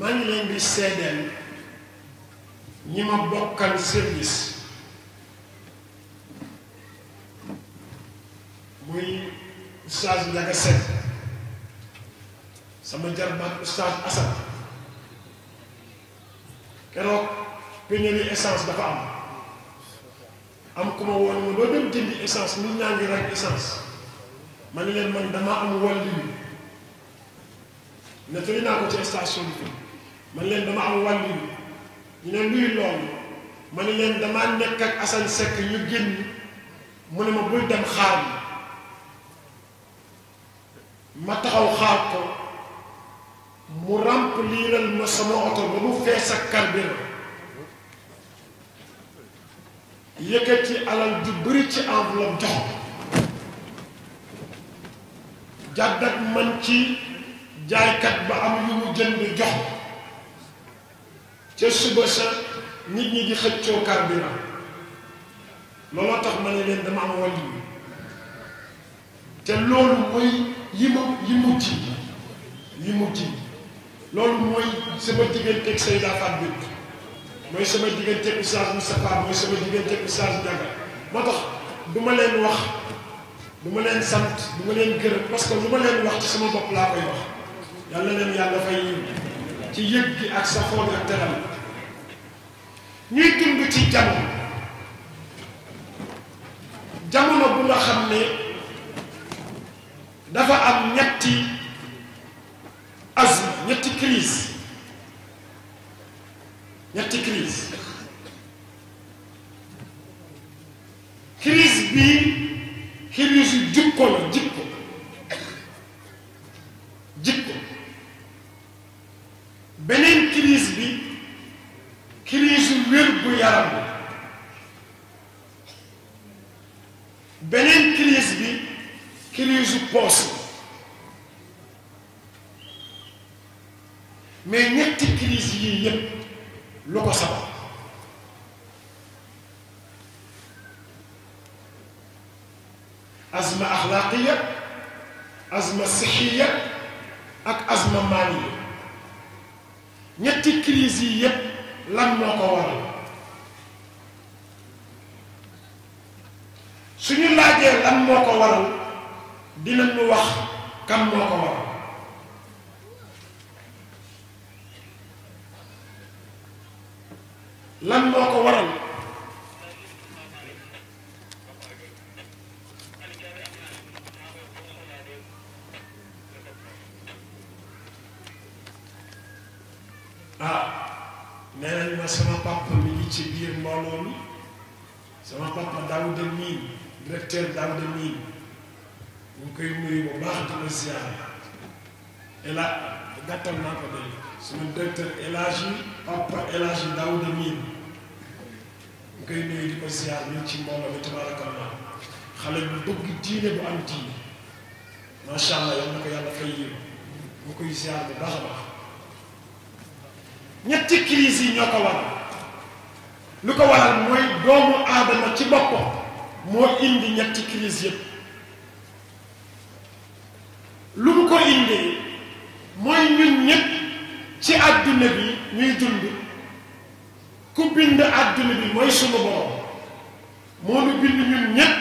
maa ngi leen di seedeel ñi ma bokkal service muy oustaz Ndiaga Seck sama jarbaat oustaz Assane keroog pénurie essence dafa am am ku ma woon ma doo dem jëndi essence nit ñaa ngi rek essence ma ne leen man damaa am wàll yi nettali naa ko ci station bi fii man leen dama am wàllu ñu ne luy loolu ma ne leen damaa nekk ak Assane Seck ñu génn mu ne ma bul dem xaar ma taxaw xaar ko mu rempliral ma sama oto ba mu fees ak carburant yëkkat ci alal ju bëri ci enveloppe jox jàdd ak man ci jaaykat ba am yu mu jënd jox ca suba sa nit ñi di xëccoo carburant looloo tax ma ne leen dama am wàll yi te loolu mooy yi ma yi mujj yi mujj loolu mooy sama digganteeg Seyda Fatou Bintou mooy sama digganteeg Oustaz Moustapha mooy sama digganteeg Oustaz Ndiaga moo tax du leen wax du ma leen sant du leen gërëm parce que lu ma leen wax ci sama bopp laa koy wax yàlla leen yàlla fay yiw ci yëg gi ak sa ak teral ñuy dund ci jamono jamono bu nga xam ne dafa am ñetti as ñetti crise ñetti crise bii crise yu yaram beneen crise bi crise u poos mais ñetti crise yii yépp lu ko sabab azma axlaaqiya azma sixiya ak azma maaliya ñetti crise yi yépp lan moo ko suñu laajee lan moo ko waral dinañu wax kan moo ko waral lan moo ko waral ah nee ma sama papa mi ngi ci biir mbooloo mi sama papa daaw dem miin directeur dans le mine ñu koy nuyu bu baax di la ziar ela gàttal naa ko de suñu directeur El Papa El Hadj Daouda Mine ñu koy nuyu di ko ziar ñun ci mbooloo bi tabarakallah xale bu bëgg diine bu am diine macha allah yal na ko yàlla fay yiw ñu koy ziar bu baax a baax ñetti crise yi ñoo ko waral lu ko waral mooy doomu aadama ci boppam. moo indi ñetti crise yëpp lu mu ko indee mooy ñun ñëpp ci àdduna bi ñuy dund ku bind àdduna bi mooy sunu borom moo nu bind ñun ñëpp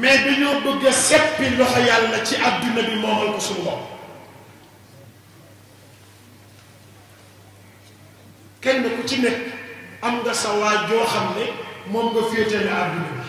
mais dañoo bëgg seppi loxo yàlla ci àdduna bi moomal ko sunu bopp kenn ku ci nekk am nga sa waa xam ne moom nga féetale àdduna bi